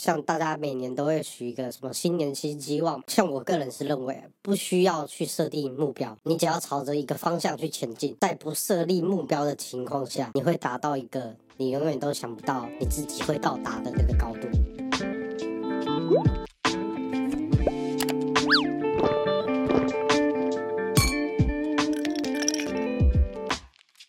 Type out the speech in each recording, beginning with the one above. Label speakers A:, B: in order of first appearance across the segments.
A: 像大家每年都會許一個什麼新年新希望，像我個人是認為不需要去設定目標，你只要朝着一個方向去前進，在不設立目標的情況下，你會達到一個你永遠都想不到你自己會到達的那個高度。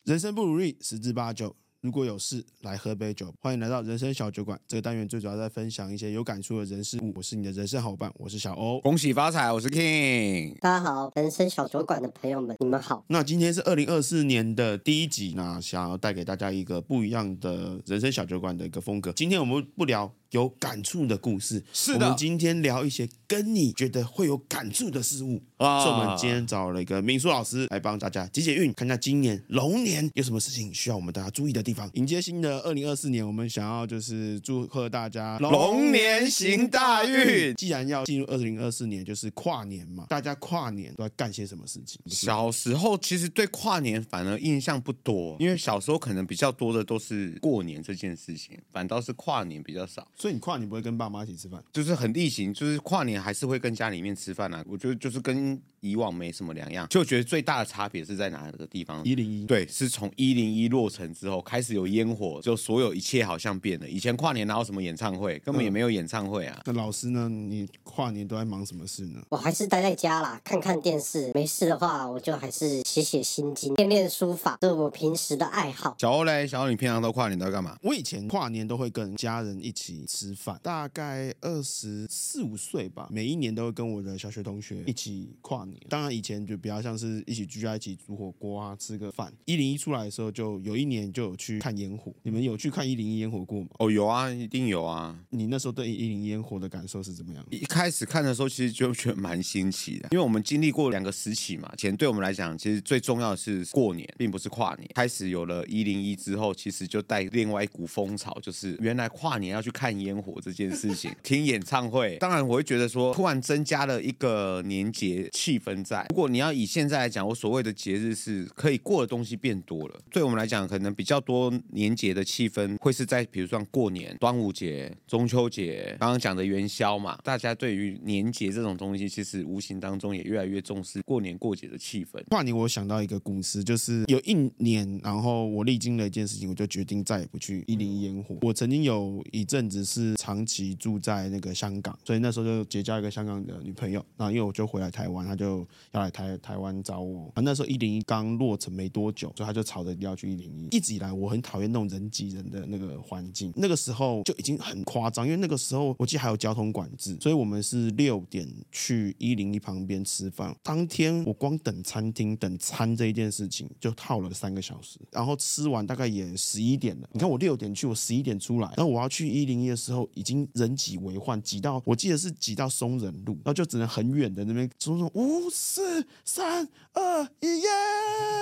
B: 人生不如意，十之八九。如果有事，來喝杯酒，歡迎來到人生小酒館。這個單元最主要在分享一些有感觸的人事物。我是你的人生好伴，我是小
C: 歐。恭喜發財，我是 King。大家好，人
A: 生小酒館的朋友們，你
B: 們好。那今天是二零二四年的第一集，那想要帶給大家一個不一樣的人生小酒館的一個風格。今天我們不聊。有感觸的故事。是的，我們今天聊一些跟你覺得會有感觸的事物啊，所以，我們今天找了一個民俗老師來幫大家解解運，看一下今年龍年有什麼事情需要我們大家注意的地方。迎接新的二零二四年，我們想要就是祝賀大家龍
C: 年行大運。嗯、
B: 既然要進入二零二四年，就是跨年嘛，大家跨年都要幹些什麼事情？
C: 小時候其實對跨年反而印象不多，因為小時候可能比較多的都是過年這件事情，反倒是跨年比較少。所以你跨年不會跟爸媽一起吃飯？就是很例行，就是跨年還是會跟家裡面吃飯啊，我覺得就是跟以往沒什麼兩樣，就覺得最大的差別是在哪個地方？一零一，對，是從一零一落成之後開始有煙火，就所有一切好像變了。以前跨年哪有什麼演唱會，根本也沒有演唱會啊。嗯。
B: 那老師呢？你跨年都在忙什麼事呢？
A: 我還是待在家啦，看看電視。沒事的話，我就還是寫寫心經，練練書法，這是我平時的愛好。
C: 小歐嘞，小歐你平常都跨年都在幹嘛？
B: 我以前跨年都會跟家人一起吃飯，大概二十四五歲吧，每一年都會跟我的小學同學一起跨年。當然，以前就比較像是一起聚在一起煮火鍋啊，吃個飯。一零一出來的時候，就有一年就有去看煙火。你們有去看一零一煙火過嗎？
C: 哦，有啊，一定有啊。你那時候
B: 對一零一煙火的感受是怎麼樣
C: 的？一開始看的時候，其實就覺得蠻新奇的，因為我們經歷過兩個時期嘛。以前對我們來講，其實最重要的是過年，並不是跨年。開始有了一零一之後，其實就帶另外一股風潮，就是原來跨年要去看煙火這件事情， 聽演唱會。當然，我會覺得說，突然增加了一個年節氣氛。分在。如果你要以現在來講，我所謂的節日是可以過的東西變多了。對我們來講，可能比較多年節的氣氛會是在，比如說過年、端午節、中秋節，剛剛講的元宵嘛。大家對於年節這種東西，其實無形當中也越來越重視過年過節的氣氛。
B: 突然間我想到一個故事，就是有一年，然後我歷經了一件事情，我就決定再也不去101煙火。嗯、我曾經有一陣子是長期住在那個香港，所以那時候就結交一個香港的女朋友，然後因為我就回來台灣，他就。就要來台台灣找我啊！那時候一零一剛落成沒多久，所以他就吵着要去一零一。一直以來我很討厭那種人擠人的那個環境，那個時候就已經很誇張，因為那個時候我記得還有交通管制，所以我們是六點去一零一旁邊吃飯。當天我光等餐廳、等餐這一件事情就耗了三個小時，然後吃完大概也十一點了。你看我六點去，我十一點出來，然後我要去一零一的時候已經人擠為患，擠到我記得是擠到松仁路，然後就只能很遠的那邊從從嗚。松松哦五四三二一耶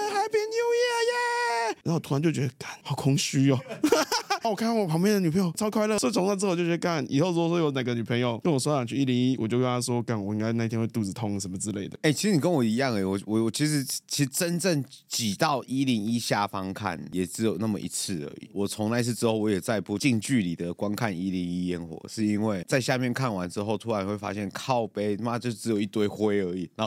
B: ！Happy New Year 耶、yeah!！然後突然就覺得幹好空虛哦， 我看看我旁邊的女朋友超快樂，所以從那之後我就覺得幹，以後如
C: 果說有哪個女朋友跟我說兩句一零一，我就跟她說幹我應該那天會肚子痛什麼之類的。哎、欸，其實你跟我一樣，哎、欸，我我我其實其實真正擠到一零一下方看也只有那麼一次而已。我從那次之後我也在不近距離的觀看一零一煙火，是因為在下面看完之後，突然會發現靠背媽就只有一堆灰而已。然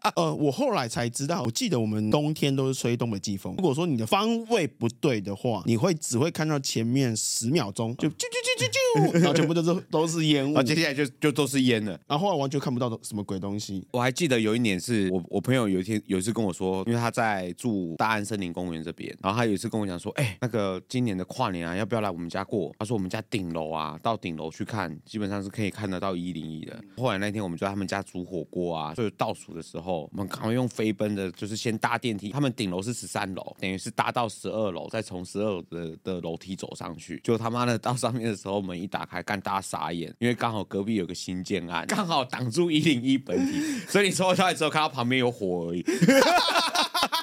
C: 啊，呃，我後來才知道，我記得我們冬天都是吹東北季風。
B: 如果說你的方位不對的話，你會只會看到前面十秒鐘就啾啾啾啾啾，然後全部都是 都是煙霧，啊，接下來
C: 就就都是煙了，然後後來完全看不到什麼鬼東西。我還記得有一年是我我朋友有一天有一次跟我說，因為他在住大安森林公園這邊，然後他有一次跟我講說，哎、欸，那個今年的跨年啊，要不要來我們家過？他說我們家頂樓啊，到頂樓去看，基本上是可以看得到一零一的。後來那天我們就在他們家煮火鍋啊，就倒數的時候。我們趕快用飛奔的，就是先搭電梯。他們頂樓是十三樓，等於是搭到十二樓，再從十二樓的的樓梯走上去。就他媽的到上面的時候，門一打開，幹，大家傻眼，因為剛好隔壁有個新建案，剛好擋住一零一本體，所以你下來之後看到旁邊有火而已。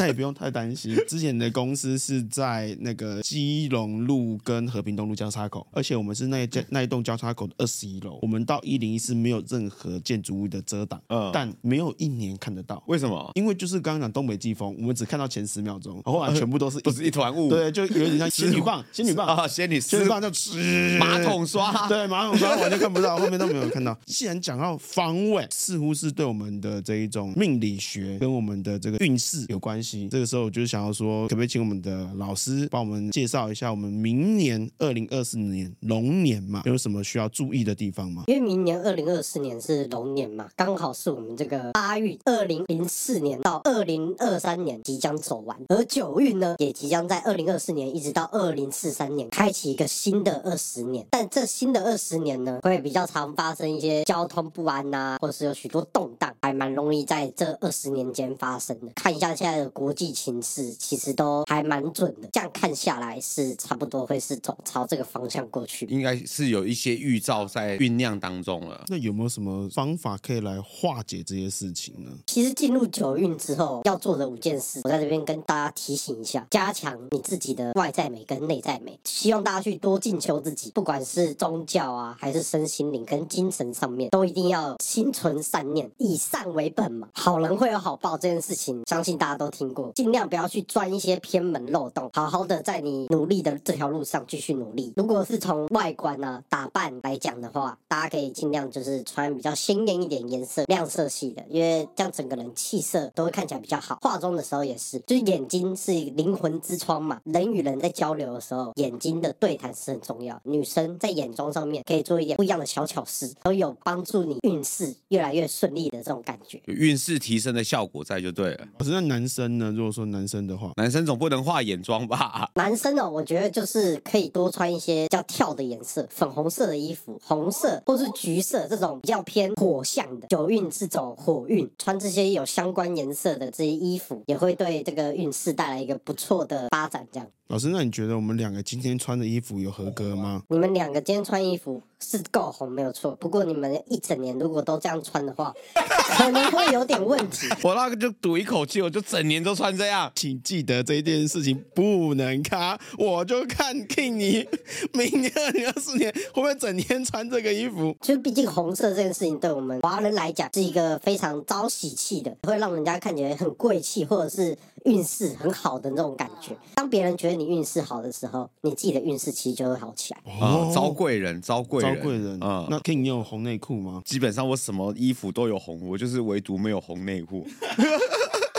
C: 那也
B: 不用太擔心。之前的公司是在那個基隆路跟和平東路交叉口，而且我們是那一間，那一棟交叉口的二十一樓。我們到一零一四沒有任何建築物的遮擋，嗯、呃，但沒有一年看得到。為什麼？因為就是剛剛講東北季風，我們只看到前十秒鐘，哦、後來全部都是不是一團霧？對，就有點像仙女棒，吃仙女棒啊，仙女仙女棒就吃馬桶刷，對，馬桶刷，我就 看不到後面都沒有看到。既然講到方位，似乎是對我們的這一種命理學跟我們的這個運勢有關係。這個時候我就想要說，可不可以請我們的老師幫我們介紹一下，我們明年二零二四年龍年嘛，有什麼需要注意的地方嗎？
A: 因為明年二零二四年是龍年嘛，剛好是我們這個八運二零零四年到二零二三年即將走完，而九運呢也即將在二零二四年一直到二零四三年開啟一個新的二十年，但這新的二十年呢，會比較常發生一些交通不安吶、啊，或者是有許多動盪，還蠻容易在這二十年間發生的。看一下現在的。國際情勢其實都還蠻準的，這樣看下來是差不多會是走朝這個方向過去，
C: 應該是有一些預兆在醞釀當中了。那有沒有什麼方法
B: 可以來化解這些事情呢？
A: 其實進入九運之後要做的五件事，我在這邊跟大家提醒一下：加強你自己的外在美跟內在美，希望大家去多進修自己，不管是宗教啊，還是身心靈跟精神上面，都一定要心存善念，以善為本嘛，好人會有好報這件事情，相信大家都聽。盡量不要去鑽一些偏門漏洞，好好的在你努力的這條路上繼續努力。如果是從外觀啊打扮來講的話，大家可以盡量就是穿比較鮮豔一點顏色、亮色系的，因為這樣整個人氣色都會看起來比較好。化妝的時候也是，就是眼睛是靈魂之窗嘛，人與人在交流的時候，眼睛的對談是很重要。女生在眼妝上面可以做一點不一樣的小巧思，都有幫助你運勢越來越順利的這種感覺，
C: 運勢提升的效果在就對了。可是那男生呢？那如果說男生的話，男生總不能畫眼妝吧？
A: 男生哦，我覺得就是可以多穿一些比較跳的顏色，粉紅色的衣服、紅色或是橘色這種比較偏火象的。九運是走火運，嗯，穿這些有相關顏色的這些衣服，也會對這個運勢帶來一個不錯的發展。這樣。
B: 老師，那你覺得我們兩個今天穿的衣服有合格
A: 嗎？你們兩個今天穿衣服是夠紅，沒有錯。不過你們一整年如果都這樣穿的話， 可能會有點問
C: 題。我那個就賭一口氣，我就整年都穿這樣，
B: 請記得這件事情不能卡，我就看 King 你明
A: 年二零二四年會不會整天穿這個衣服？其實，畢竟紅色這件事情對我們華人來講是一個非常招喜氣的，會讓人家看起來很貴氣，或者是。運勢很好的那種感覺，當別人覺得你運勢好的時候，你自己的運勢其實就會好起來。哦，招
C: 貴人，哦，招貴人，招貴人啊！嗯，那 King 你有紅內褲嗎？基本上我什麼衣服都有紅，我就是唯獨沒有紅內褲。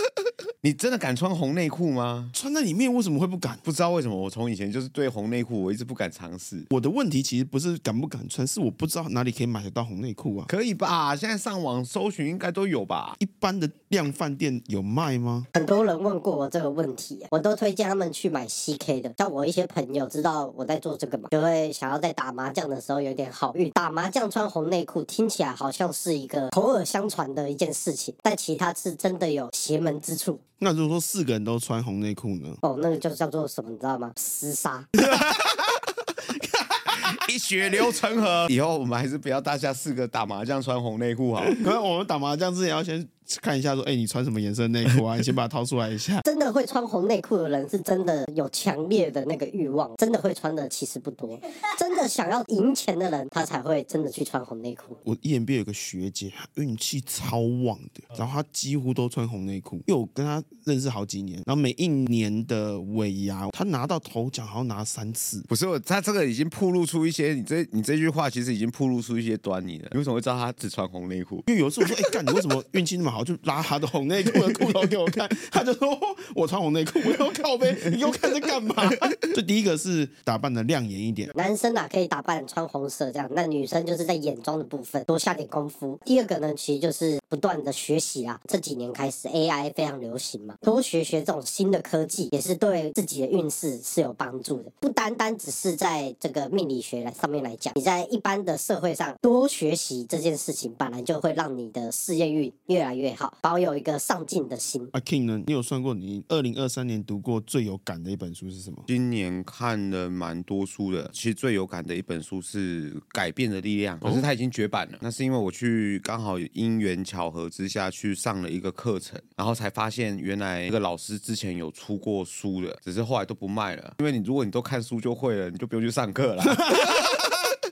C: 你真的敢穿紅內褲嗎？穿在裡面為什麼會不敢？不知道為什麼，我從以前就是對紅內褲，我一直不敢嘗試。我的問題其實不是敢不敢穿，是我不知道哪裡可以買得到紅內褲啊。可以吧？現在上
B: 網搜尋應該都有吧？一般的量販店有賣嗎？
A: 很多人問過我這個問題啊，我都推薦他們去買 CK 的。像我一些朋友知道我在做這個嘛，就會想要在打麻將的時候有點好運。打麻將穿紅內褲聽起來好像是一個口耳相傳的一件事情，但其他是真的有邪門之處。
B: 那如果說四個人都
C: 穿紅內褲呢？哦，那個
A: 叫叫做什麼？你知道
C: 嗎？廝殺， 一血流成河。以後我們還是不要大家四個打麻將穿紅內褲好，
B: 可是我們打麻將之前要先。看一下說，說、欸、哎，你穿什麼顏色內褲啊？你先把它掏出來一下。
A: 真的會穿紅內褲的人，是真的有強烈的那個慾望，真的會穿的其實不多。真的想要贏錢的人，他才會真的去穿紅內褲。
B: 我一眼邊有個學姐，運氣超旺的，然後她幾乎都穿紅內褲。因為我跟她認識好幾年，然後每一年的尾牙，她拿到頭獎好像拿三次。
C: 不是，我她這個已經暴露出一些，你這你這句話其實已經暴露出一些端倪了。你為什麼會知道她只穿紅內褲？因為有時候我說，哎、欸，幹，你為什麼運氣那麼好？ 就拿他的紅內褲的褲頭給我看， 他就說我穿
B: 紅內褲，我要靠背，你又看着幹嘛？這 第一個是打扮得亮眼一點，
A: 男生啊可以打扮穿紅色這樣，那女生就是在眼妝的部分多下點功夫。第二個呢，其實就是不斷的學習啊，這幾年開始 AI 非常流行嘛，多學學這種新的科技也是對自己的運勢是有幫助的，不單單只是在這個命理學上面來講，你在一般的社會上多學習這件事情，本來就會讓你的事業運越來越。好，保有一
B: 個上進的心。阿、啊、King 呢？你有算過你二零二三年讀過最有感的一本書是什麼？
C: 今年看了蠻多書的，其實最有感的一本書是《改變的力量》哦，可是它已經絕版了。那是因為我去剛好因緣巧合之下去上了一個課程，然後才發現原來那個老師之前有出過書的，只是後來都不賣了。因為你如果你都看書就會了，你就不用去上課
A: 了。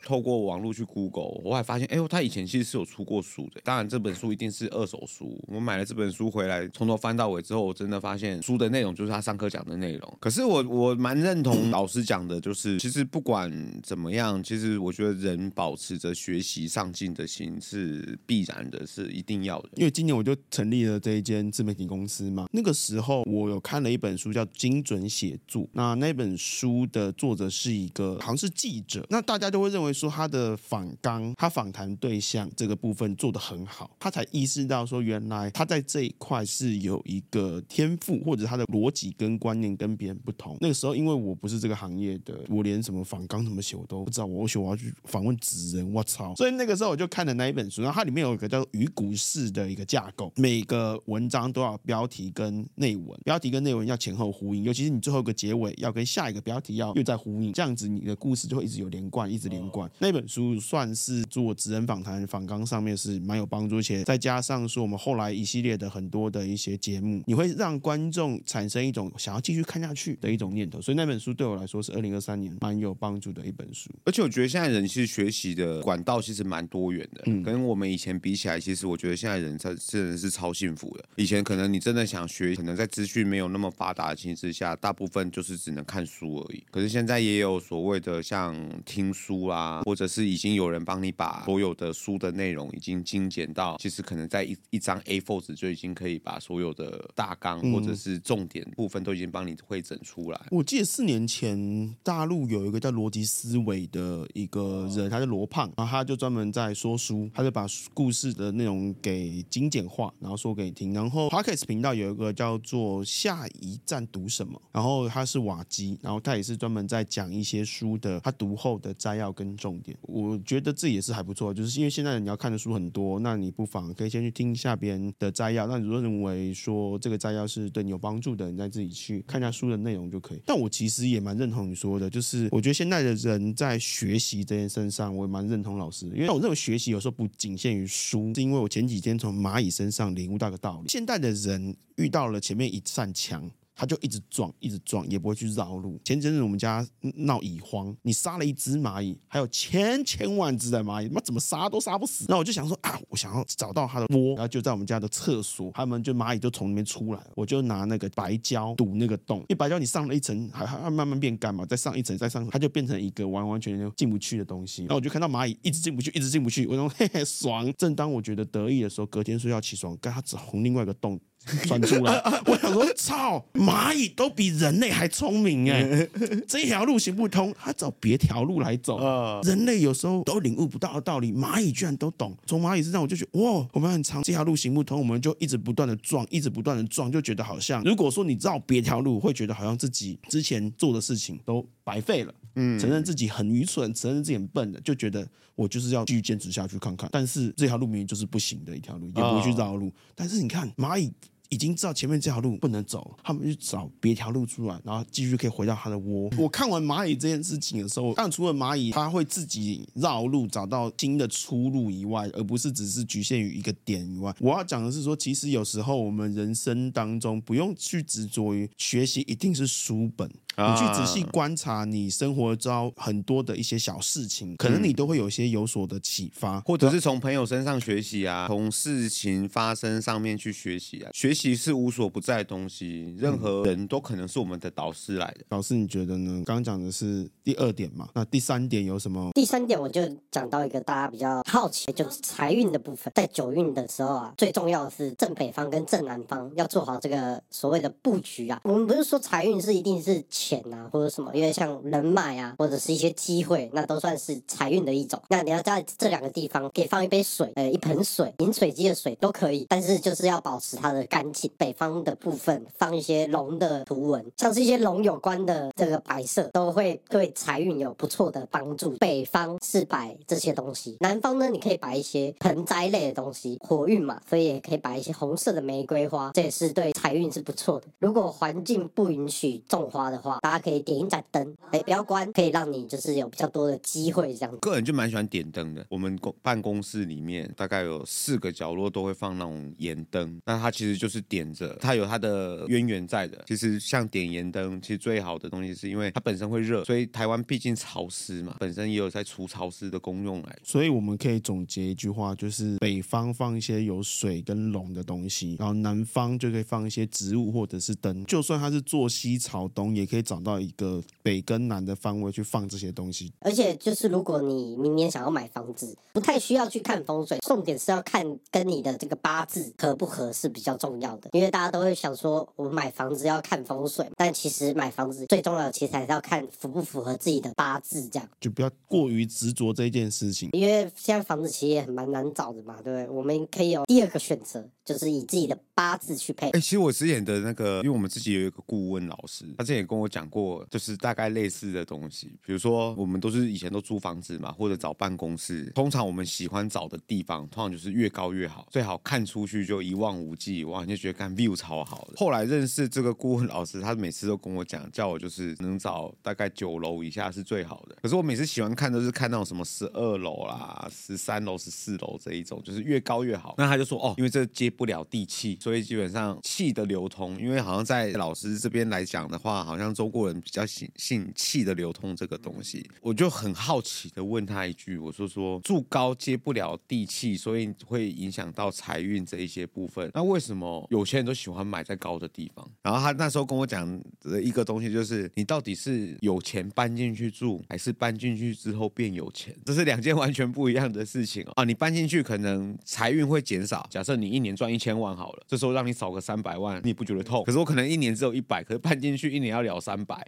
C: 透過網絡去 Google，我還發現，哎呦，他以前其實是有出過書的。當然，這本書一定是二手書。我買了這本書回來，從頭翻到尾之後，我真的發現書的內容就是他上課講的內容。可是我我蠻認同老師講的，就是其實不管怎麼樣，其實我覺得人保持着學習上進的心是必然的，是一定要的。
B: 因為今年我就成立了這一間自媒體公司嘛。那個時候我有看了一本書叫《精準寫作》，那那本書的作者是一個好像是記者，那大家都會認為說。說他的訪綱，他訪談對象這個部分做得很好，他才意識到說原來他在這一塊是有一個天賦，或者他的邏輯跟觀念跟別人不同。那個時候因為我不是這個行業的，我連什麼訪綱怎麼寫我都不知道，我我我要去訪問紙人，我操！所以那個時候我就看了那一本書，然後它裡面有一個叫做魚骨式的一個架構，每個文章都要標題跟內文，標題跟內文要前後呼應，尤其是你最後一個結尾要跟下一個標題要又再呼應，這樣子你的故事就會一直有連貫，一直連貫。那本書算是做職人訪談、訪綱上面是蠻有幫助，而且再加上說我們後來一系列的很多的一些節目，你會讓觀眾產生一種想要繼續看下去的一種念頭。所以那本書對我來說是二零二三年蠻有幫助的一本書。
C: 而且我覺得現在人其實學習的管道其實蠻多元的，嗯、跟我們以前比起來，其實我覺得現在人才真的是超幸福的。以前可能你真的想學，可能在資訊沒有那麼發達的形勢下，大部分就是只能看書而已。可是現在也有所謂的像聽書啊。或者是已經有人幫你把所有的書的內容已經精簡到，其實可能在一一張 A4 紙就已經可以把所有的大綱或者是重點部分都已經幫你彙整出來。
B: 嗯。我記得四年前大陸有一個叫羅輯思維的一個人，哦、他是羅胖，然後他就專門在說書，他就把故事的內容給精簡化，然後說給你聽。然後 Podcast 頻道有一個叫做“下一站讀什麼”，然後他是瓦基，然後他也是專門在講一些書的他讀後的摘要跟。重點，我覺得自己也是還不錯，就是因為現在你要看的書很多，那你不妨可以先去聽一下別人的摘要。那你如果認為說這個摘要是對你有幫助的，你再自己去看一下書的內容就可以。但我其實也蠻認同你說的，就是我覺得現在的人在學習這件事上，我也蠻認同老師，因為我認為學習有時候不僅限於書，是因為我前幾天從螞蟻身上領悟到一個道理。現代的人遇到了前面一扇牆。他就一直撞，一直撞，也不會去繞路。前幾日我們家鬧蟻荒，你殺了一只螞蟻，還有千千萬只的螞蟻，媽怎麼殺都殺不死。那我就想說啊，我想要找到它的窩，然後就在我們家的廁所，他們就螞蟻就從裡面出來，我就拿那個白膠堵那個洞，因為白膠你上了一層，還，還慢慢變乾嘛，再上一層，再上，它就變成一個完完全全進不去的東西。然後我就看到螞蟻一直進不去，一直進不去，我說，嘿嘿，爽。正當我覺得得意的時候，隔天說要起床，幹它只紅另外一個洞。翻出來、 啊啊，我想說，操，螞蟻都比人類還聰明耶！ 這一條路行不通，它找別條路來
C: 走。呃、
B: 人類有時候都領悟不到的道理，螞蟻居然都懂。從螞蟻身上，我就覺得，哇，我們很常，這條路行不通，我們就一直不斷的撞，一直不斷的撞，就覺得好像，如果說你繞別條路，會覺得好像自己之前做的事情都白費了。承認自己很愚蠢，承認自己很笨的，就覺得我就是要繼續堅持下去看看。但是這條路明明就是不行的一條路，也不會去繞路。哦、但是你看，螞蟻。已經知道前面這條路不能走，他們去找別條路出來，然後繼續可以回到他的窩。我看完螞蟻這件事情的時候，但除了螞蟻，它會自己繞路找到新的出路以外，而不是只是局限於一個點以外。我要講的是說，其實有時候我們人生當中不用去執着於學習一定是書本，啊、你去仔細觀察你生活中很多的一些小事情，可能你都會有些有所的啟發，或者
C: 是從朋友身上學習啊，從事情發生上面去學習啊，學習。其實無所不在的東西，任何人都可能是我們的導師來的。
B: 導、嗯、師，你覺得呢？剛剛講的是第二點嘛？那第三點有什麼？第
A: 三點我就講到一個大家比較好奇，就是財運的部分。在九運的時候啊，最重要的是正北方跟正南方要做好這個所謂的布局啊。我們不是說財運是一定是錢啊或者什麼，因為像人脈啊或者是一些機會，那都算是財運的一種。那你要在這兩個地方可以放一杯水，呃，一盆水、飲水機的水都可以，但是就是要保持它的乾。北方的部分放一些龍的圖文，像是一些龍有關的這個擺設，都會對財運有不錯的幫助。北方是擺這些東西，南方呢，你可以擺一些盆栽類的東西，火運嘛，所以也可以擺一些紅色的玫瑰花，這也是對財運是不錯的。如果環境不允許種花的話，大家可以點一盞燈，哎、欸，不要關，可以讓你就是有比較多的機會這樣。
C: 個人就蠻喜歡點燈的，我們公辦公室裡面大概有四個角落都會放那種鹽燈，那它其實就是。點着它有它的淵源在的，其實像點鹽燈，其實最好的東西是因為它本身會熱，所以台灣畢竟潮濕嘛，本身也有在除潮濕的功用來。
B: 所以我們可以總結一句話，就是北方放一些有水跟龍的東西，然後南方就可以放一些植物或者是燈。就算它是坐西朝東，也可以找到一個北跟南的方位去放這些東西。
A: 而且就是如果你明年想要買房子，不太需要去看風水，重點是要看跟你的這個八字合不合適比較重要。因為大家都會想說，我們買房子要看風水，但其實買房子最重要的其實還是要看符不符合自己的八字，這樣
B: 就不要
C: 過於執着這件事情。
A: 因為現在房子其實也蠻難找的嘛，對不對？我們可以有第二個選擇，就是以自己的八字去配。哎、欸，其
C: 實我之前的那個，因為我們自己有一個顧問老師，他之前也跟我講過，就是大概類似的東西，比如說我們都是以前都租房子嘛，或者找辦公室，通常我們喜歡找的地方，通常就是越高越好，最好看出去就一望無際，望。就覺得看 view 超好的。後來認識這個顧問老師，他每次都跟我講，叫我就是能找大概九樓以下是最好的。可是我每次喜歡看都是看那種什麼十二樓啦、啊、十三樓、十四樓這一種，就是越高越好。那他就說，哦，因為這接不了地氣，所以基本上氣的流通，因為好像在老師這邊來講的話，好像中國人比較信信氣的流通這個東西。我就很好奇地問他一句，我說說住高接不了地氣，所以會影響到財運這一些部分，那為什麼？有錢人都喜歡買在高的地方。然後他那時候跟我講的一個東西就是：你到底是有錢搬進去住，還是搬進去之後變有錢？這是兩件完全不一樣的事情哦。啊，你搬進去可能財運會減少。假設你一年賺一千萬好了，這時候讓你少個三百萬，你不覺得痛？可是我可能一年只有一百，可是搬進去一年要兩三百。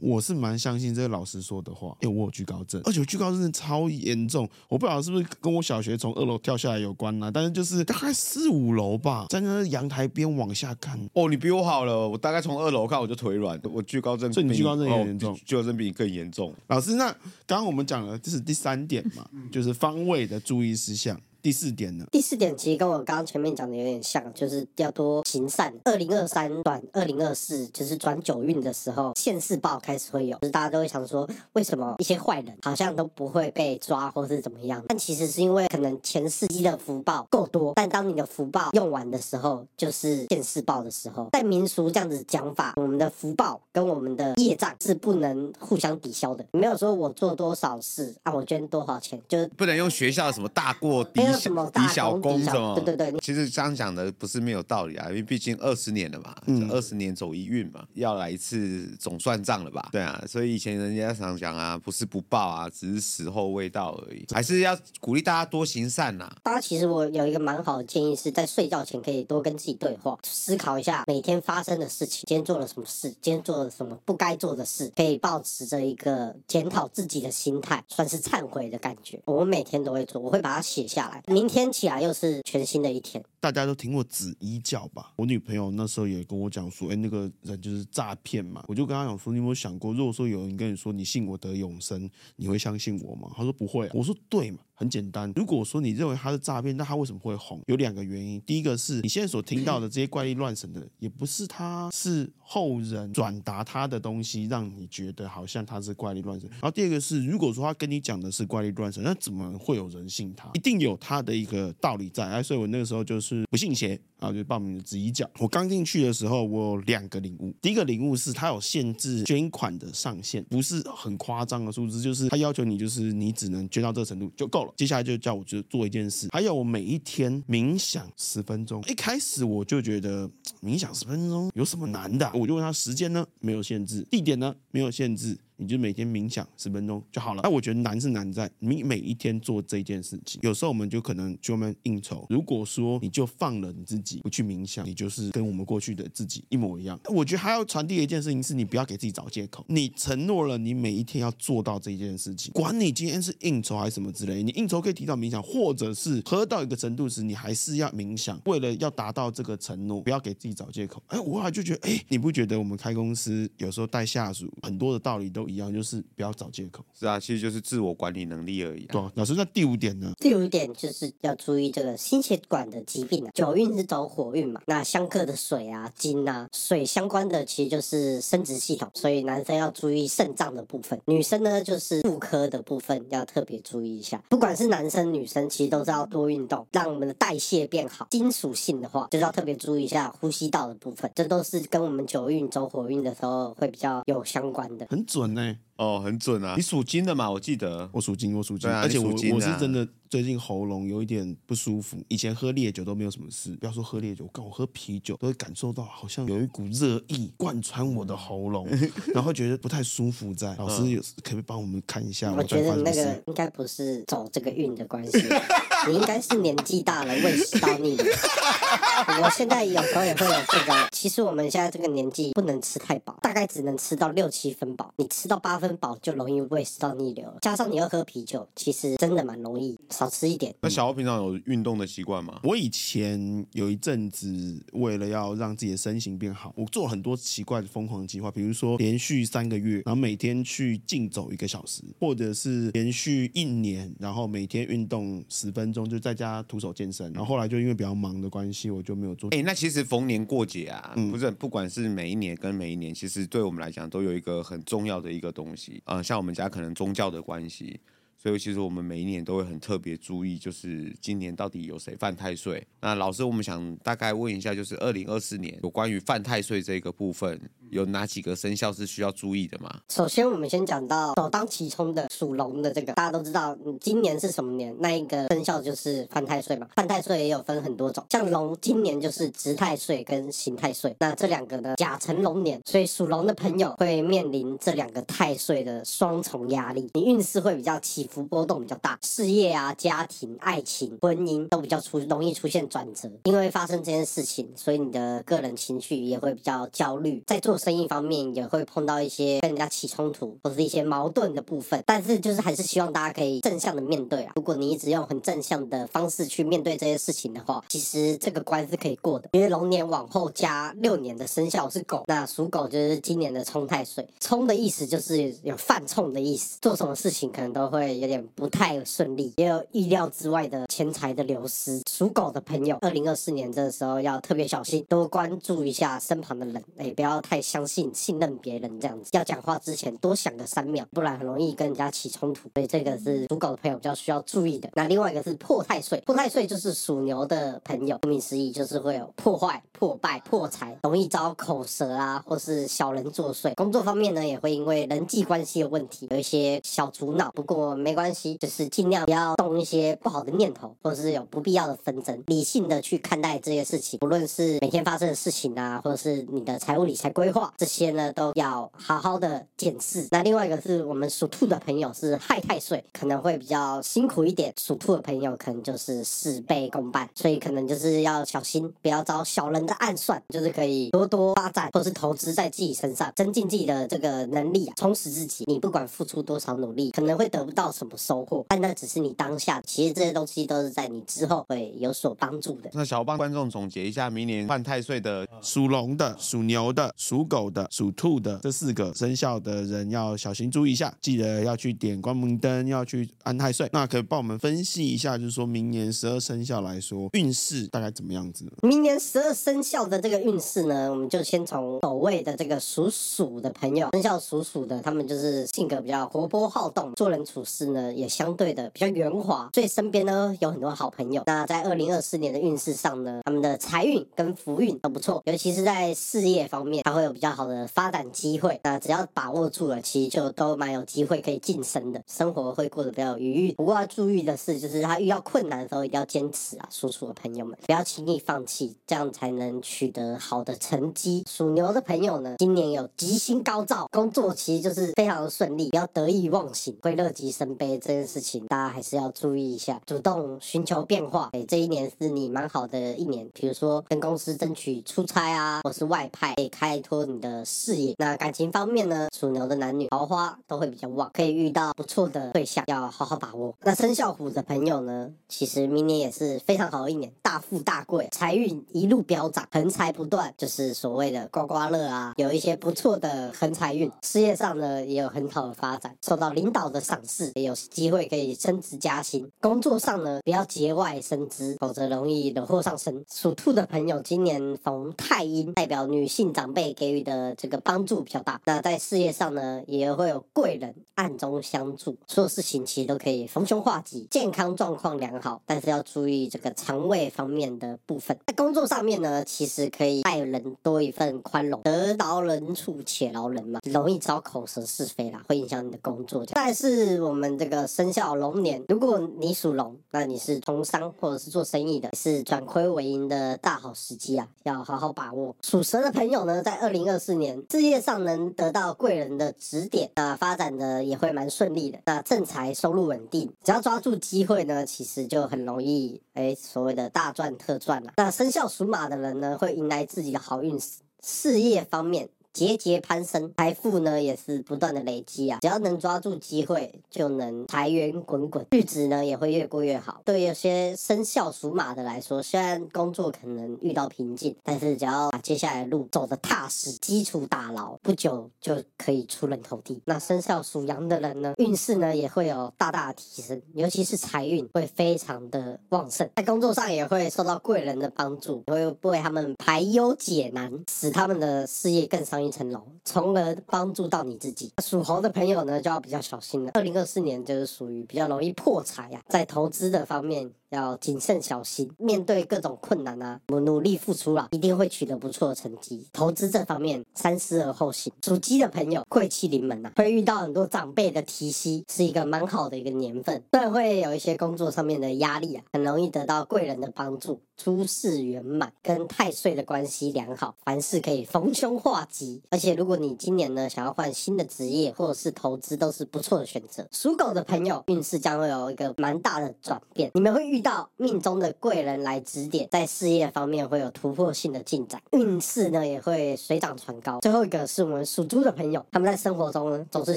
B: 我是蠻相信這個老師說的話，因為我有懼高症，而且我懼高症超嚴重。我不知道是不是跟我小學從二樓跳下來有關呢、啊？但是就是大概四五樓吧。站在那陽臺邊往下看
C: 哦，你比我好了。我大概從二樓看，我就腿軟。我懼高症比你懼高症也嚴重，懼、哦、高症比你更嚴重。
B: 老師，那剛剛我們講了，這是第三點嘛， 就是方位的注意事項。第四點呢？
A: 第四點其實跟我剛剛前面講的有點像，就是要多行善。二零二三轉二零二四，就是轉九運的時候，現世報開始會有。就是大家都會想說，為什麼一些壞人好像都不會被抓，或是怎麼樣？但其實是因為可能前世積的福報夠多，但當你的福報用完的時候，就是現世報的時候。在民俗這樣子講法，我們的福報跟我們的業障是不能互相抵消的。沒有說我做多少事啊，我捐多少錢，
C: 就是不能用學校什麼大過人、哎。麼？以小公什麼？對對對，其實剛講的不是沒有道理啊，因為畢竟二十年了嘛，二十、嗯、年走一運嘛，要來一次總算賬了吧？對啊，所以以前人家常講啊，不是不報啊，只是時候未到而已。還是要鼓勵大家多行善吶、啊。
A: 大家其實我有一個蠻好的建議，是在睡覺前可以多跟自己對話，思考一下每天發生的事情，今天做了什麼事，今天做了什麼不該做的事，可以保持着一個檢討自己的心態，算是懺悔的感覺。我每天都會做，我會把它寫下來。明天起來又是全新的一天。
B: 大家都聽過紫衣教吧？我女朋友那時候也跟我講說：“哎、欸，那個人就是詐騙嘛。”我就跟她講說：“你有沒有想過，如果說有人跟你說你信我得永生，你會相信我嗎？”她說：“不會、啊。”我說：“對嘛，很簡單。如果說你認為他是詐騙，那他為什麼會紅？有兩個原因。第一個是你現在所聽到的這些怪力亂神的，也不是他，是後人轉達他的東西，讓你覺得好像他是怪力亂神。然後第二個是，如果說他跟你講的是怪力亂神，那怎麼會有人信他？一定有他的一個道理在。哎、欸，所以我那個時候就是。是不信邪。啊，就報名的指引講，我剛進去的時候，我有兩個領悟。第一個領悟是它有限制捐款的上限，不是很誇張的數字，就是它要求你，就是你只能捐到這個程度就夠了。接下來就叫我就做一件事，還有我每一天冥想十分鐘。一開始我就覺得冥想十分鐘有什麼難的、啊？我就問他時間呢，沒有限制，地點呢，沒有限制，你就每天冥想十分鐘就好了。那、啊、我覺得難是難在你每一天做這件事情，有時候我們就可能去外面應酬，如果說你就放了你自己，不去冥想，你就是跟我們過去的自己一模一樣。我覺得還要傳遞一件事情是，你不要給自己找借口。你承諾了，你每一天要做到這一件事情，管你今天是應酬還是什麼之類，你應酬可以提到冥想，或者是喝到一個程度時，你還是要冥想，為了要達到這個承諾，不要給自己找借口。哎，我後來就覺得，哎，你不覺得我們開公司有時候帶下屬很多的道理都一樣，就是不要找借口。
A: 是啊，
C: 其實就是自我管理能力而已啊。對啊，老師，那第五點呢？第五點就是要注意這個心血管的疾病啊，九
A: 運是走。走火運嘛，那相克的水啊、金啊，水相關的其實就是生殖系統，所以男生要注意腎臟的部分，女生呢就是婦科的部分要特別注意一下。不管是男生女生，其實都是要多運動，讓我們的代謝變好。金屬性的話，就是要特別注意一下呼吸道的部分，這都是跟我們九運走火運的時候會比較有相關的。
C: 很準呢、欸。哦，很準啊！你屬金的嘛？我記得我屬金，我屬金，啊、而且我、啊、我是真
B: 的最近喉嚨有一點不舒服。以前喝烈酒都沒有什麼事，不要說喝烈酒，我我喝啤酒都會感受到好像有一股熱意貫穿我的喉嚨，嗯、然後覺得不太舒服在。在 老師有可不、嗯、可以幫我們看一下？我覺得那個應該
A: 不是走這個運的關係。 你應該是年紀大了，胃食道逆流。 我現在有時候也會有這種，其實我們現在這個年紀不能吃太飽，大概只能吃到六七分飽。你吃到八分飽就容易胃食道逆流了，加上你要喝啤酒，其實真的蠻容易。少吃一點。
C: 那小歐平常有運動的習慣
B: 嗎？我以前有一陣子為了要讓自己的身形變好，我做很多奇怪的瘋狂的計劃，比如說連續三個月，然後每天去競走一個小時，或者是連續一年，然後每天運動十分鐘。就在家徒手健身，然後後來就因為比較忙的關係，我就沒有做。哎、欸，那
C: 其實逢年過節啊，不是，不管是每一年跟每一年，其實對我們來講都有一個很重要的一個東西啊、呃，像我們家可能宗教的關係。所以其實我們每一年都會很特別注意，就是今年到底有誰犯太歲。那老師，我們想大概問一下，就是二零二四年有關於犯太歲這個部分，有哪幾個生肖是需要注意的嗎？
A: 首先，我們先講到首當其衝的屬龍的這個，大家都知道，今年是什麼年？那一個生肖就是犯太歲嘛。犯太歲也有分很多種，像龍今年就是值太歲跟刑太歲。那這兩個的甲辰龍年，所以屬龍的朋友會面臨這兩個太歲的雙重壓力，你運勢會比較起福波動比較大，事業啊、家庭、愛情、婚姻都比較出容易出現轉折。因為發生這件事情，所以你的個人情緒也會比較焦慮。在做生意方面，也會碰到一些跟人家起衝突或是一些矛盾的部分。但是，就是還是希望大家可以正向的面對啊。如果你一直用很正向的方式去面對這些事情的話，其實這個關是可以過的。因為龍年往後加六年的生肖是狗，那屬狗就是今年的沖太歲。沖的意思就是有犯沖的意思，做什麼事情可能都會。有點不太順利，也有意料之外的錢財的流失。屬狗的朋友，二零二四年這個時候要特別小心，多關注一下身旁的人，也不要太相信、信任別人。這樣子，要講話之前多想個三秒，不然很容易跟人家起衝突。所以這個是屬狗的朋友比較需要注意的。那另外一個是破太歲，破太歲就是屬牛的朋友，顧名思義就是會有破壞、破敗、破財，容易遭口舌啊，或是小人作祟。工作方面呢，也會因為人際關係的問題，有一些小阻撓。不過，沒關係，就是儘量不要動一些不好的念頭，或者是有不必要的紛爭，理性的去看待這些事情。不論是每天發生的事情啊，或者是你的財務理財規劃，這些呢都要好好的檢視。那另外一個是我們屬兔的朋友是害太歲，可能會比較辛苦一點。屬兔的朋友可能就是事倍功半，所以可能就是要小心，不要遭小人的暗算。就是可以多多發展，或是投資在自己身上，增進自己的這個能力，啊，充實自己。你不管付出多少努力，可能會得不到，什麼收穫？但那只是你當下，其實這些東西都是在你之後會有所幫助的。
C: 那小幫觀眾總結一下，明年犯太歲的屬龍的、屬牛的、屬
B: 狗的、屬兔的這四個生肖的人要小心注意一下，記得要去點光明燈，要去安太歲。那可以幫我們分析一下，就是說明年十二生肖來說運勢大概怎麼樣子？
A: 明年十二生肖的這個運勢呢，我們就先從首位的這個屬鼠的朋友，生肖屬鼠的，他們就是性格比較活潑好動，做人處事。呢，也相對的比較圓滑，所以身邊呢，有很多好朋友。那在二零二四年的運勢上呢，他們的財運跟福運都不錯，尤其是在事業方面，他會有比較好的發展機會。那只要把握住了，其實就都蠻有機會可以晉升的，生活會過得比較愉悅。不過要注意的是，就是他遇到困難的時候一定要堅持啊，屬鼠的朋友們不要輕易放棄，這樣才能取得好的成績。屬牛的朋友呢，今年有吉星高照，工作其實就是非常的順利，不要得意忘形，會樂極生這件事情，大家還是要注意一下，主動尋求變化。誒，這一年是你蠻好的一年，比如說跟公司爭取出差啊，或是外派，可以開拓你的事業。那感情方面呢，屬牛的男女桃花都會比較旺，可以遇到不錯的對象，要好好把握。那生肖虎的朋友呢，其實明年也是非常好的一年，大富大貴，財運一路飆漲，橫財不斷，就是所謂的刮刮樂啊，有一些不錯的橫財運。事業上呢，也有很好的發展，受到領導的賞識。也有有機會可以升職加薪，工作上呢，不要節外生枝，否則容易惹禍上身。屬兔的朋友今年逢太陰，代表女性長輩給予的這個幫助比較大。那在事業上呢，也會有貴人暗中相助，所有事情其實都可以逢凶化吉。健康狀況良好，但是要注意這個腸胃方面的部分。在工作上面呢，其實可以愛人多一份寬容，得饒人處且饒人嘛，容易招口舌是非啦，會影響你的工作。但是我們。這個生肖龍年，如果你屬龍，那你是從商或者是做生意的，是轉虧為盈的大好時機啊，要好好把握。屬蛇的朋友呢，在二零二四年事業上能得到貴人的指點，啊，發展的也會蠻順利的，那正財收入穩定，只要抓住機會呢，其實就很容易哎，所謂的大賺特賺了啊。那生肖屬馬的人呢，會迎來自己的好運，事業方面。節節攀升，財富呢也是不斷的累積啊！只要能抓住機會，就能財源滾滾，日子呢也會越過越好。對有些生肖屬馬的來說，雖然工作可能遇到瓶頸，但是只要把接下來的路走得踏實，基礎打牢，不久就可以出人頭地。那生肖屬羊的人呢，運勢呢也會有大大的提升，尤其是財運會非常的旺盛，在工作上也會受到貴人的幫助，也會為他們排憂解難，使他們的事業更上一。一層樓，從而幫助到你自己。屬猴的朋友呢，就要比較小心了。二零二四年就是屬於比較容易破財呀，在投資的方面。要謹慎小心，面對各種困難啊，我努力付出了，啊，一定會取得不錯的成績。投資這方面，三思而後行。屬雞的朋友，貴氣臨門吶，會遇到很多長輩的提攜，是一個蠻好的一個年份。雖然會有一些工作上面的壓力啊，很容易得到貴人的幫助，諸事圓滿，跟太歲的關係良好，凡事可以逢凶化吉。而且，如果你今年呢，想要換新的職業或者是投資，都是不錯的選擇。屬狗的朋友，運勢將會有一個蠻大的轉變，你們會遇。遇到命中的貴人來指點，在事業方面會有突破性的進展，運勢呢也會水漲船高。最後一個是我們屬豬的朋友，他們在生活中呢總是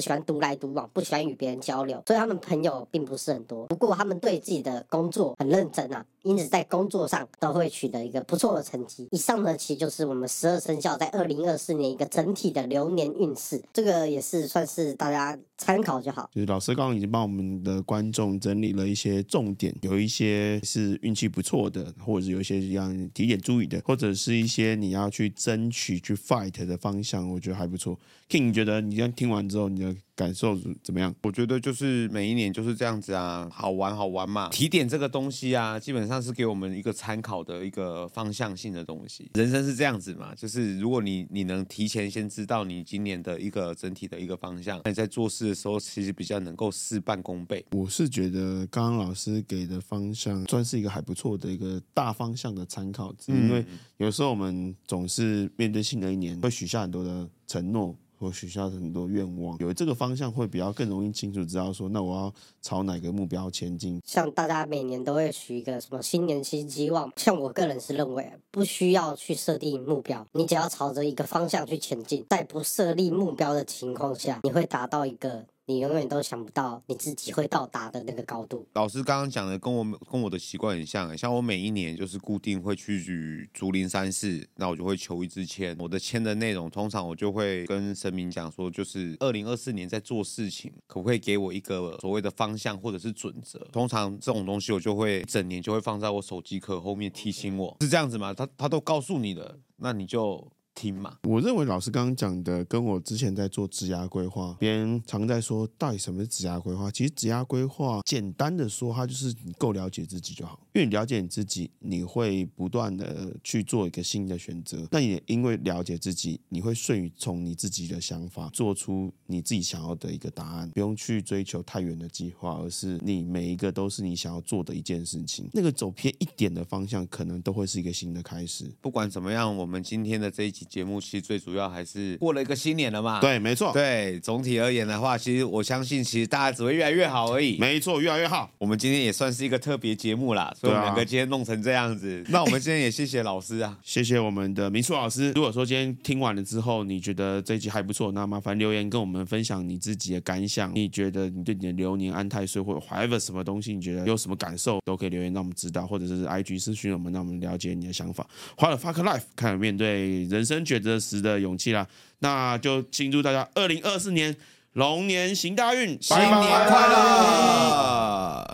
A: 喜歡獨來獨往，不喜歡與別人交流，所以他們朋友並不是很多。不過他們對自己的工作很認真啊，因此在工作上都會取得一個不錯的成績。以上呢，其實就是我們十二生肖在二零二四年一個整體的流年運勢，這個也是算是大家。參考就好，
B: 就是老師剛剛已經幫我們的觀眾整理了一些重點，有一些是運氣不錯的，或者是有一些要提點注意的，或者是一些你要去爭取去 fight 的方向，我
C: 覺得還不錯。King，你覺得你這樣聽完之後，你的感受怎麼樣？我覺得就是每一年就是這樣子啊，好玩好玩嘛。提點這個東西啊，基本上是給我們一個參考的一個方向性的東西。人生是這樣子嘛，就是如果你你能提前先知道你今年的一個整體的一個方向，那你在做事的時候其實比較能夠事半功倍。
B: 我是覺得剛剛老師給的方向算是一個還不錯的一個大方向的參考，嗯。因為有時候我們總是面對新的一年會許下很多的承諾。我許下的很多願望，有這個方向會比較更容易清楚知道說，那我要朝哪個目標前進。
A: 像大家每年都會許一個什麼新年新希望，像我個人是認為不需要去設定目標，你只要朝着一個方向去前進，在不設立目標的情況下，你會達到一個。你永遠都想不到你自己會到達的那個高
C: 度。老師剛剛講的跟我跟我的習慣很像欸，像我每一年就是固定會去竹林山寺，那我就會求一支籤。我的籤的內容通常我就會跟神明講說，就是二零二四年在做事情，可不可以給我一個所謂的方向或者是準則？通常這種東西我就會整年就會放在我手機殼後面提醒我，Okay. 是這樣子嗎？他他都告訴你了，那你就。
B: 聽嘛，我認為老師剛剛講的跟我之前在做職涯規劃，別人常在說，到底什麼是職涯規劃？其實職涯規劃簡單的說，它就是你夠了解自己就好。因為你了解你自己，你會不斷的去做一個新的選擇。那也因為了解自己，你會順從你自己的想法，做出你自己想要的一個答案，不用去追求太遠的計劃，而是你每一個都是你想要做的一件事情。那個走偏一點的方向，可
C: 能都會是一個新的開始。不管怎麼樣，我們今天的這一集。節目其實最主要還是過了一個新年了嘛，對，沒錯，對，總體而言的話，其實我相信，其實大家只會越來越好而已，沒錯，越來越好。我們今天也算是一個特別節目啦，所以我們兩個今天弄成這樣子。啊、那我們今天也謝謝老師啊，哎、謝謝我們的民俗老師。如果說今天聽完了之後，你覺得
B: 這一集還不錯，那麻煩留言跟我們分享你自己的感想。你覺得你對你的流年安太歲或花了什麼東西，你覺得有什麼感受，都可以留言讓我們知道，或者是 IG 私訊我們，讓我們了解你的想法。花了 fuck life，看了面對人生。真抉擇時的勇氣啦，那就慶祝大家二零二四年龍年行大運，新年快樂！